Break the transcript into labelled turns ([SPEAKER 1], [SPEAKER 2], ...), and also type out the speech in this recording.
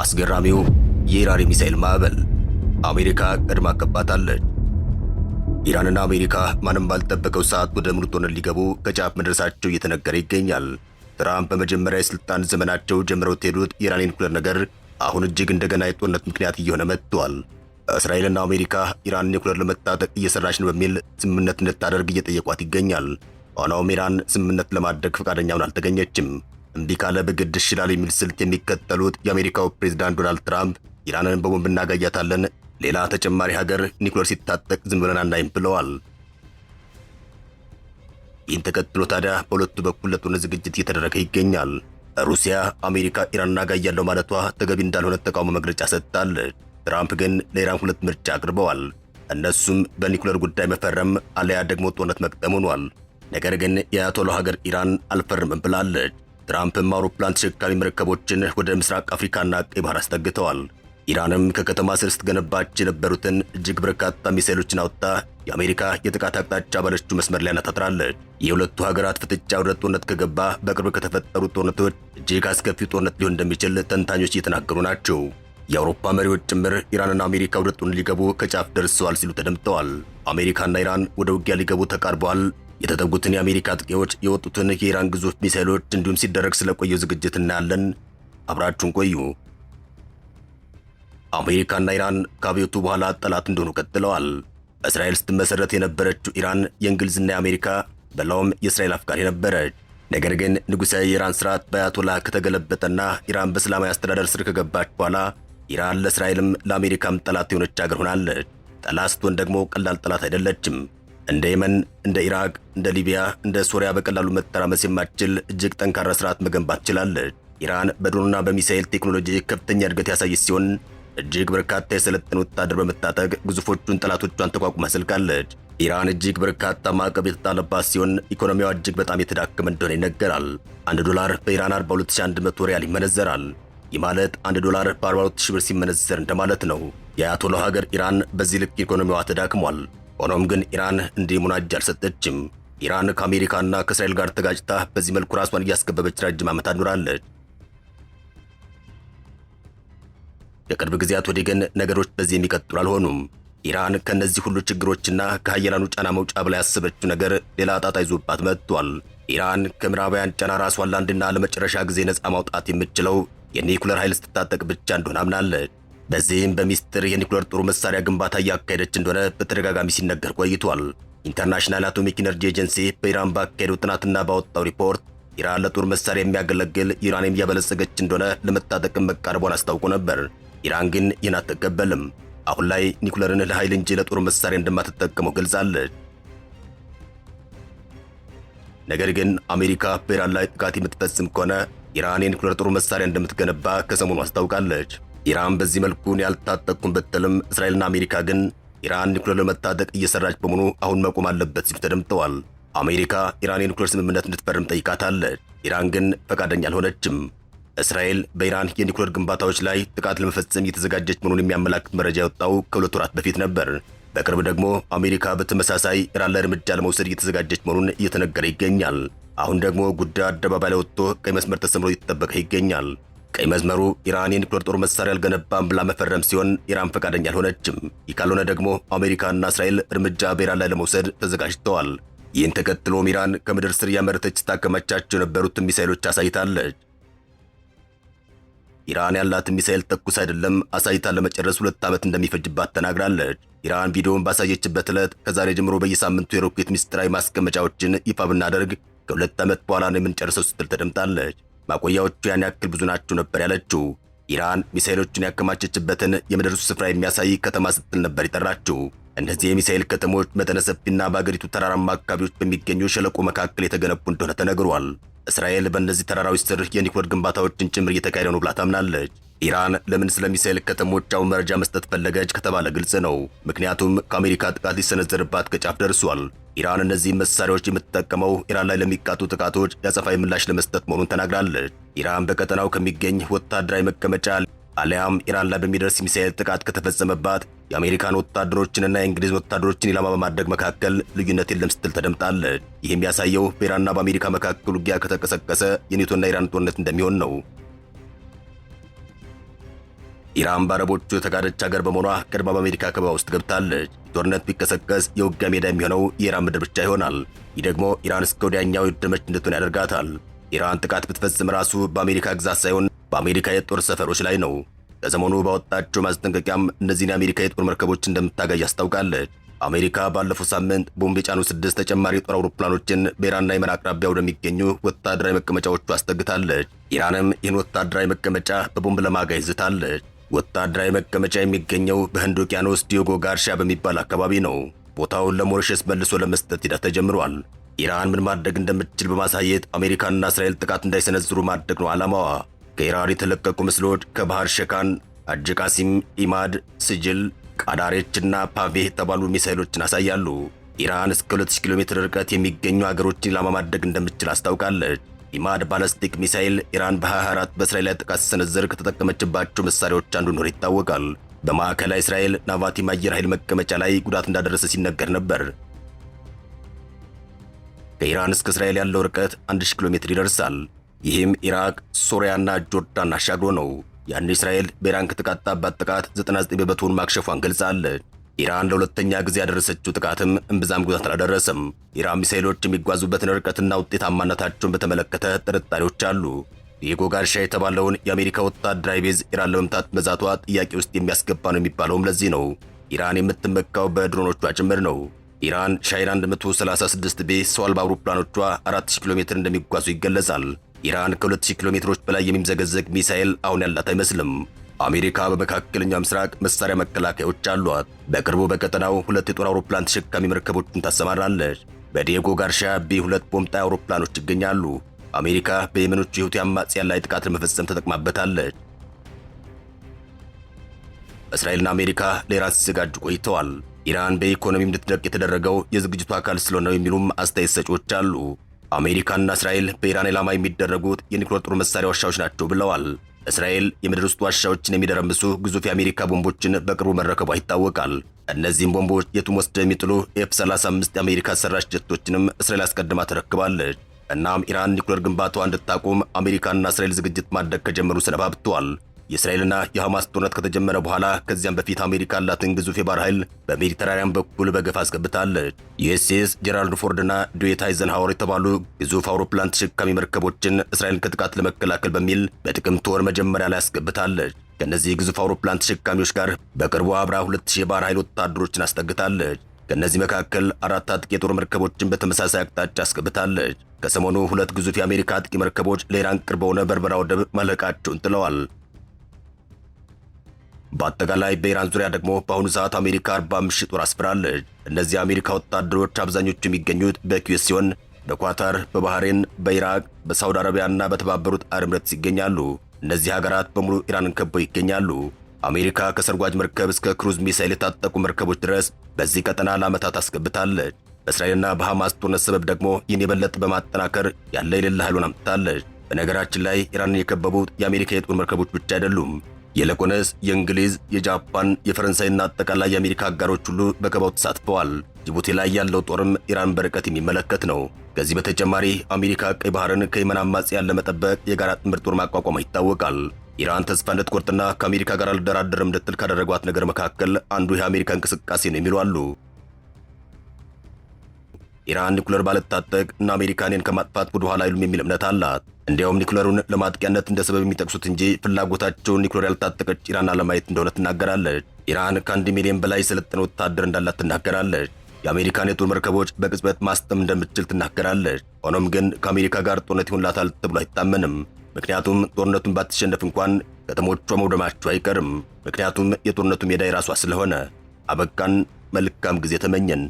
[SPEAKER 1] አስገራሚው የኢራን የሚሳኤል ማዕበል አሜሪካ ቀድማ አከባታለች። ኢራንና አሜሪካ ማንም ባልጠበቀው ሰዓት ወደ ምርት ሊገቡ ከጫፍ መድረሳቸው እየተነገረ ይገኛል። ትራምፕ በመጀመሪያ የስልጣን ዘመናቸው ጀምረው ትሄዱት የኢራን የኒኩሌር ነገር አሁን እጅግ እንደገና የጦርነት ምክንያት እየሆነ መጥቷል። እስራኤልና አሜሪካ ኢራን ኒኩሌር ለመታጠቅ እየሰራች ነው በሚል ስምምነት እንድታደርግ እየጠየቋት ይገኛል። ሆኖም ኢራን ስምምነት ለማድረግ ፈቃደኛውን አልተገኘችም። እምቢ ካለ በግድ እሺ የሚል ስልት የሚከተሉት የአሜሪካው ፕሬዝዳንት ዶናልድ ትራምፕ ኢራንን በቦምብ እናጋያታለን፣ ሌላ ተጨማሪ ሀገር ኒውክሌር ሲታጠቅ ዝም ብለን አናይም ብለዋል። ይህን ተከትሎ ታዲያ በሁለቱ በኩል ለጦርነት ዝግጅት እየተደረገ ይገኛል። ሩሲያ አሜሪካ ኢራን እናጋያለሁ ማለቷ ተገቢ እንዳልሆነ ተቃውሞ መግለጫ ሰጥታለች። ትራምፕ ግን ለኢራን ሁለት ምርጫ አቅርበዋል። እነሱም በኒውክሌር ጉዳይ መፈረም አለያ ደግሞ ጦርነት መቅጠም ሆኗል። ነገር ግን የአያቶላ ሀገር ኢራን አልፈርምም ብላለች። ትራምፕም አውሮፕላን ተሸካሚ መርከቦችን ወደ ምስራቅ አፍሪካና ቀይ ባህር አስጠግተዋል። ኢራንም ከከተማ ስር ስትገነባች የነበሩትን እጅግ በርካታ ሚሳይሎችን አውጥታ የአሜሪካ የጥቃት አቅጣጫ ባለችው መስመር ላይ አነጣጥራለች። የሁለቱ ሀገራት ፍጥጫ ወደ ጦርነት ከገባ በቅርብ ከተፈጠሩ ጦርነቶች እጅግ አስከፊው ጦርነት ሊሆን እንደሚችል ተንታኞች እየተናገሩ ናቸው። የአውሮፓ መሪዎች ጭምር ኢራንና አሜሪካ ወደ ጦርነት ሊገቡ ከጫፍ ደርሰዋል ሲሉ ተደምጠዋል። አሜሪካና ኢራን ወደ ውጊያ ሊገቡ ተቃርበዋል፣ የተጠጉትን የአሜሪካ አጥቂዎች የወጡትን የኢራን ግዙፍ ሚሳይሎች እንዲሁም ሲደረግ ስለቆየው ዝግጅት እናያለን። አብራችሁን ቆዩ። አሜሪካና ኢራን ከአብዮቱ በኋላ ጠላት እንደሆኑ ቀጥለዋል። በእስራኤል ስትመሰረት የነበረችው ኢራን የእንግሊዝና የአሜሪካ በላውም የእስራኤል አፍቃሪ ነበረች። ነገር ግን ንጉሳዊ የኢራን ስርዓት በአያቶላ ከተገለበጠና ኢራን በእስላማዊ አስተዳደር ስር ከገባች በኋላ ኢራን ለእስራኤልም ለአሜሪካም ጠላት የሆነች ሀገር ሆናለች። ጠላት ስትሆን ደግሞ ቀላል ጠላት አይደለችም። እንደ የመን፣ እንደ ኢራቅ፣ እንደ ሊቢያ፣ እንደ ሱሪያ በቀላሉ መተራመስ የማትችል እጅግ ጠንካራ ስርዓት መገንባት ችላለች። ኢራን በድሮንና በሚሳኤል ቴክኖሎጂ ከፍተኛ እድገት ያሳየች ሲሆን እጅግ በርካታ የሰለጠነ ወታደር በመታጠቅ ግዙፎቹን ጠላቶቿን ተቋቁማ ስልቃለች። ኢራን እጅግ በርካታ ማዕቀብ የተጣለባት ሲሆን ኢኮኖሚዋ እጅግ በጣም የተዳከመ እንደሆነ ይነገራል። አንድ ዶላር በኢራን 42100 ሪያል ይመነዘራል። ይህ ማለት አንድ ዶላር በ42000 ብር ሲመነዘር እንደማለት ነው። የአያቶላው ሀገር ኢራን በዚህ ልክ ኢኮኖሚዋ ተዳክሟል። ሆኖም ግን ኢራን እንዲህ ሙናጅ አልሰጠችም። ኢራን ከአሜሪካና ከእስራኤል ጋር ተጋጭታ በዚህ መልኩ ራሷን እያስገበበች ረጅም ዓመታት ኑራለች። የቅርብ ጊዜያት ወዲህ ግን ነገሮች በዚህ የሚቀጥሉ አልሆኑም። ኢራን ከእነዚህ ሁሉ ችግሮችና ከሀያላኑ ጫና መውጫ ብላ ያሰበችው ነገር ሌላ ጣጣ ይዞባት መጥቷል። ኢራን ከምዕራባውያን ጫና ራሷን ለአንድና ለመጨረሻ ጊዜ ነፃ ማውጣት የምችለው የኒኩለር ኃይል ስትታጠቅ ብቻ እንደሆነ አምናለች። በዚህም በሚስጥር የኒኩለር ጦር መሳሪያ ግንባታ እያካሄደች እንደሆነ በተደጋጋሚ ሲነገር ቆይቷል። ኢንተርናሽናል አቶሚክ ኢነርጂ ኤጀንሲ በኢራን ባካሄደው ጥናትና ባወጣው ሪፖርት ኢራን ለጦር መሳሪያ የሚያገለግል ዩራኒየም እያበለጸገች እንደሆነ ለመታጠቅም መቃረቧን አስታውቆ ነበር። ኢራን ግን ይህን አትቀበልም። አሁን ላይ ኒኩለርን ለኃይል እንጂ ለጦር መሳሪያ እንደማትጠቀመው ገልጻለች። ነገር ግን አሜሪካ በኢራን ላይ ጥቃት የምትፈጽም ከሆነ ኢራን የኒኩለር ጦር መሳሪያ እንደምትገነባ ከሰሞኑ አስታውቃለች። ኢራን በዚህ መልኩ ያልታጠቅኩም ብትልም እስራኤልና አሜሪካ ግን ኢራን ኒውክሌር ለመታጠቅ እየሰራች በመሆኑ አሁን መቆም አለበት ሲሉ ተደምጠዋል። አሜሪካ ኢራን የኒውክሌር ስምምነት እንድትፈርም ጠይቃታለች። ኢራን ግን ፈቃደኛ አልሆነችም። እስራኤል በኢራን የኒውክሌር ግንባታዎች ላይ ጥቃት ለመፈጸም እየተዘጋጀች መሆኑን የሚያመላክት መረጃ የወጣው ከሁለት ወራት በፊት ነበር። በቅርብ ደግሞ አሜሪካ በተመሳሳይ ኢራን ላይ እርምጃ ለመውሰድ እየተዘጋጀች መሆኑን እየተነገረ ይገኛል። አሁን ደግሞ ጉዳይ አደባባይ ላይ ወጥቶ ቀይ መስመር ተሰምሮ እየተጠበቀ ይገኛል። ቀይ መስመሩ ኢራን የኒውክሌር ጦር መሳሪያ አልገነባም ብላ መፈረም ሲሆን ኢራን ፈቃደኛ አልሆነችም። ይህ ካልሆነ ደግሞ አሜሪካና እስራኤል እርምጃ በኢራን ላይ ለመውሰድ ተዘጋጅተዋል። ይህን ተከትሎም ኢራን ከምድር ስር እያመረተች ስታከማቻቸው የነበሩትን ሚሳይሎች አሳይታለች። ኢራን ያላትን ሚሳኤል ተኩስ አይደለም አሳይታ ለመጨረስ ሁለት ዓመት እንደሚፈጅባት ተናግራለች። ኢራን ቪዲዮውን ባሳየችበት ዕለት ከዛሬ ጀምሮ በየሳምንቱ የሮኬት ሚስጥራዊ ማስቀመጫዎችን ይፋ ብናደርግ ከሁለት ዓመት በኋላ ነው የምንጨርሰው ስትል ተደምጣለች። ማቆያዎቹ ያን ያክል ብዙ ናቸው ነበር ያለችው። ኢራን ሚሳኤሎችን ያከማቸችበትን የመድረሱ ስፍራ የሚያሳይ ከተማ ስትል ነበር የጠራችው። እነዚህ የሚሳኤል ከተሞች መጠነ ሰፊና በአገሪቱ ተራራማ አካባቢዎች በሚገኙ ሸለቆ መካከል የተገነቡ እንደሆነ ተነግሯል። እስራኤል በእነዚህ ተራራዎች ስር የኒውክሌር ግንባታዎችን ጭምር እየተካሄደ ነው ብላ ታምናለች። ኢራን ለምን ስለ ሚሳኤል ከተሞቻው መረጃ መስጠት ፈለገች ከተባለ ግልጽ ነው። ምክንያቱም ከአሜሪካ ጥቃት ሊሰነዘርባት ከጫፍ ደርሷል። ኢራን እነዚህ መሳሪያዎች የምትጠቀመው ኢራን ላይ ለሚቃጡ ጥቃቶች የአጸፋዊ ምላሽ ለመስጠት መሆኑን ተናግራለች። ኢራን በቀጠናው ከሚገኝ ወታደራዊ መቀመጫ አሊያም ኢራን ላይ በሚደርስ ሚሳኤል ጥቃት ከተፈጸመባት የአሜሪካን ወታደሮችንና የእንግሊዝ ወታደሮችን ኢላማ በማድረግ መካከል ልዩነት የለም ስትል ተደምጣለች። ይህ የሚያሳየው በኢራንና በአሜሪካ መካከል ውጊያ ከተቀሰቀሰ የኔቶና ኢራን ጦርነት እንደሚሆን ነው። ኢራን በአረቦቹ የተጋደች ሀገር በመሆኗ ቀድማ በአሜሪካ ከበባ ውስጥ ገብታለች። ጦርነት ቢቀሰቀስ የውጊያ ሜዳ የሚሆነው የኢራን ምድር ብቻ ይሆናል። ይህ ደግሞ ኢራን እስከ ወዲያኛው የደመች እንድትሆን ያደርጋታል። ኢራን ጥቃት ብትፈጽም ራሱ በአሜሪካ ግዛት ሳይሆን በአሜሪካ የጦር ሰፈሮች ላይ ነው። ከሰሞኑ ባወጣቸው ማስጠንቀቂያም እነዚህን የአሜሪካ የጦር መርከቦች እንደምታጋይ አስታውቃለች። አሜሪካ ባለፈው ሳምንት ቦምብ የጫኑ ስድስት ተጨማሪ የጦር አውሮፕላኖችን በኢራንና የመን አቅራቢያ ወደሚገኙ ወታደራዊ መቀመጫዎቹ አስጠግታለች። ኢራንም ይህን ወታደራዊ መቀመጫ በቦምብ ለማጋይ ዝታለች። ወታደራዊ መቀመጫ የሚገኘው በህንድ ውቅያኖስ ዲዮጎ ጋርሻ በሚባል አካባቢ ነው። ቦታውን ለሞሪሸስ መልሶ ለመስጠት ሂደት ተጀምሯል። ኢራን ምን ማድረግ እንደምትችል በማሳየት አሜሪካና እስራኤል ጥቃት እንዳይሰነዝሩ ማድረግ ነው ዓላማዋ። ከኢራን የተለቀቁ ምስሎች ከባህር ሸካን፣ አጅቃሲም፣ ኢማድ፣ ስጅል፣ ቃዳሬች እና ፓቬ የተባሉ ሚሳይሎችን ያሳያሉ። ኢራን እስከ 2000 ኪሎ ሜትር ርቀት የሚገኙ አገሮችን ኢላማ ማድረግ እንደምትችል አስታውቃለች። ኢማድ ባላስቲክ ሚሳይል ኢራን በ24 በእስራኤል ላይ ጥቃት ሲሰነዘር ከተጠቀመችባቸው መሳሪያዎች አንዱ ኖር ይታወቃል። በማዕከላዊ እስራኤል ናቫቲም አየር ኃይል መቀመጫ ላይ ጉዳት እንዳደረሰ ሲነገር ነበር። ከኢራን እስከ እስራኤል ያለው ርቀት 1000 ኪሎ ሜትር ይደርሳል። ይህም ኢራቅ፣ ሶሪያና ጆርዳን አሻግሮ ነው። ያን እስራኤል በኢራን ከተቃጣባት ጥቃት 99 በመቶውን ማክሸፏን ገልጻለች። ኢራን ለሁለተኛ ጊዜ ያደረሰችው ጥቃትም እምብዛም ጉዳት አላደረሰም። ኢራን ሚሳኤሎች የሚጓዙበትን ርቀትና ውጤታማነታቸውን በተመለከተ ጥርጣሬዎች አሉ። ጋርሻ የተባለውን የአሜሪካ ወታደራዊ ቤዝ ኢራን ለመምታት መዛቷ ጥያቄ ውስጥ የሚያስገባ ነው የሚባለውም ለዚህ ነው። ኢራን የምትመካው በድሮኖቿ ጭምር ነው። ኢራን ሻይን 136 ቤ ሰው አልባ አውሮፕላኖቿ 4000 ኪሎ ሜትር እንደሚጓዙ ይገለጻል። ኢራን ከ2000 ኪሎ ሜትሮች በላይ የሚምዘገዘግ ሚሳኤል አሁን ያላት አይመስልም። አሜሪካ በመካከለኛው ምስራቅ መሳሪያ መከላከያዎች አሏት። በቅርቡ በቀጠናው ሁለት የጦር አውሮፕላን ተሸካሚ መርከቦችን ታሰማራለች። በዲየጎ ጋርሻ ቢ2 ቦምጣ አውሮፕላኖች ይገኛሉ። አሜሪካ በየመኖቹ የሁቲ አማጽያን ላይ ጥቃት ለመፈጸም ተጠቅማበታለች። እስራኤልና አሜሪካ ለኢራን ሲዘጋጁ ቆይተዋል። ኢራን በኢኮኖሚ እንድትደቅ የተደረገው የዝግጅቱ አካል ስለሆነ የሚሉም አስተያየት ሰጪዎች አሉ። አሜሪካና እስራኤል በኢራን ኢላማ የሚደረጉት የኒውክሌር ጦር መሳሪያ ዋሻዎች ናቸው ብለዋል። እስራኤል የምድር ውስጥ ዋሻዎችን የሚደረምሱ ግዙፍ የአሜሪካ ቦምቦችን በቅርቡ መረከቧ ይታወቃል። እነዚህም ቦምቦች የቱም ወስደ የሚጥሉ ኤፍ 35 የአሜሪካ ሰራሽ ጀቶችንም እስራኤል አስቀድማ ተረክባለች። እናም ኢራን ኒውክሌር ግንባታዋ እንድታቆም አሜሪካና እስራኤል ዝግጅት ማድረግ ከጀመሩ ሰነባብተዋል። የእስራኤልና የሐማስ ጦርነት ከተጀመረ በኋላ ከዚያም በፊት አሜሪካ ያላትን ግዙፍ የባህር ኃይል በሜዲተራኒያን በኩል በገፍ አስገብታለች። ዩኤስኤስ ጄራልድ ፎርድና ዶዌት አይዘንሃወር የተባሉ ግዙፍ አውሮፕላን ተሸካሚ መርከቦችን እስራኤልን ከጥቃት ለመከላከል በሚል በጥቅምት ወር መጀመሪያ ላይ አስገብታለች። ከእነዚህ ግዙፍ አውሮፕላን ተሸካሚዎች ጋር በቅርቡ አብራ 2000 የባህር ኃይል ወታደሮችን አስጠግታለች። ከእነዚህ መካከል አራት አጥቂ የጦር መርከቦችን በተመሳሳይ አቅጣጫ አስገብታለች። ከሰሞኑ ሁለት ግዙፍ የአሜሪካ አጥቂ መርከቦች ለኢራን ቅርብ በሆነ በርበራ ወደብ መለቃቸውን ጥለዋል። በአጠቃላይ በኢራን ዙሪያ ደግሞ በአሁኑ ሰዓት አሜሪካ 45 ሺህ ጦር አስፍራለች። እነዚህ የአሜሪካ ወታደሮች አብዛኞቹ የሚገኙት በኩዌት ሲሆን በኳታር፣ በባህሬን፣ በኢራቅ፣ በሳውዲ አረቢያ እና በተባበሩት አረብ ይገኛሉ። እነዚህ ሀገራት በሙሉ ኢራንን ከበው ይገኛሉ። አሜሪካ ከሰርጓጅ መርከብ እስከ ክሩዝ ሚሳይል የታጠቁ መርከቦች ድረስ በዚህ ቀጠና ለዓመታት አስገብታለች። በእስራኤልና በሐማስ ጦርነት ሰበብ ደግሞ ይህን የበለጠ በማጠናከር ያለ የሌለ ኃይሉን አምጥታለች። በነገራችን ላይ ኢራንን የከበቡት የአሜሪካ የጦር መርከቦች ብቻ አይደሉም። የለኮነስ የእንግሊዝ፣ የጃፓን፣ የፈረንሳይና አጠቃላይ የአሜሪካ አጋሮች ሁሉ በከባው ተሳትፈዋል። ጅቡቲ ላይ ያለው ጦርም ኢራን በርቀት የሚመለከት ነው። ከዚህ በተጨማሪ አሜሪካ ቀይ ባህርን ከየመን አማጽያን ለመጠበቅ የጋራ ጥምር ጦር ማቋቋሟ ይታወቃል። ኢራን ተስፋ እንድትቆርጥና ከአሜሪካ ጋር አልደራደርም እንድትል ካደረጓት ነገር መካከል አንዱ የአሜሪካ እንቅስቃሴ ነው የሚሉ አሉ። ኢራን ኒኩለር ባለታጠቅና አሜሪካንን ከማጥፋት ኋላ አይሉም የሚል እምነት አላት። እንዲያውም ኒኩለሩን ለማጥቂያነት እንደ ሰበብ የሚጠቅሱት እንጂ ፍላጎታቸውን ኒኩለር ያልታጠቀች ኢራን አለማየት እንደሆነ ትናገራለች። ኢራን ከአንድ ሚሊዮን በላይ ሰለጠነ ወታደር እንዳላት ትናገራለች። የአሜሪካን የጦር መርከቦች በቅጽበት ማስጠም እንደምትችል ትናገራለች። ሆኖም ግን ከአሜሪካ ጋር ጦርነት ይሆንላታል ተብሎ አይታመንም። ምክንያቱም ጦርነቱን ባትሸነፍ እንኳን ከተሞቿ መውደማቸው አይቀርም። ምክንያቱም የጦርነቱ ሜዳ የራሷ ስለሆነ። አበቃን። መልካም ጊዜ ተመኘን።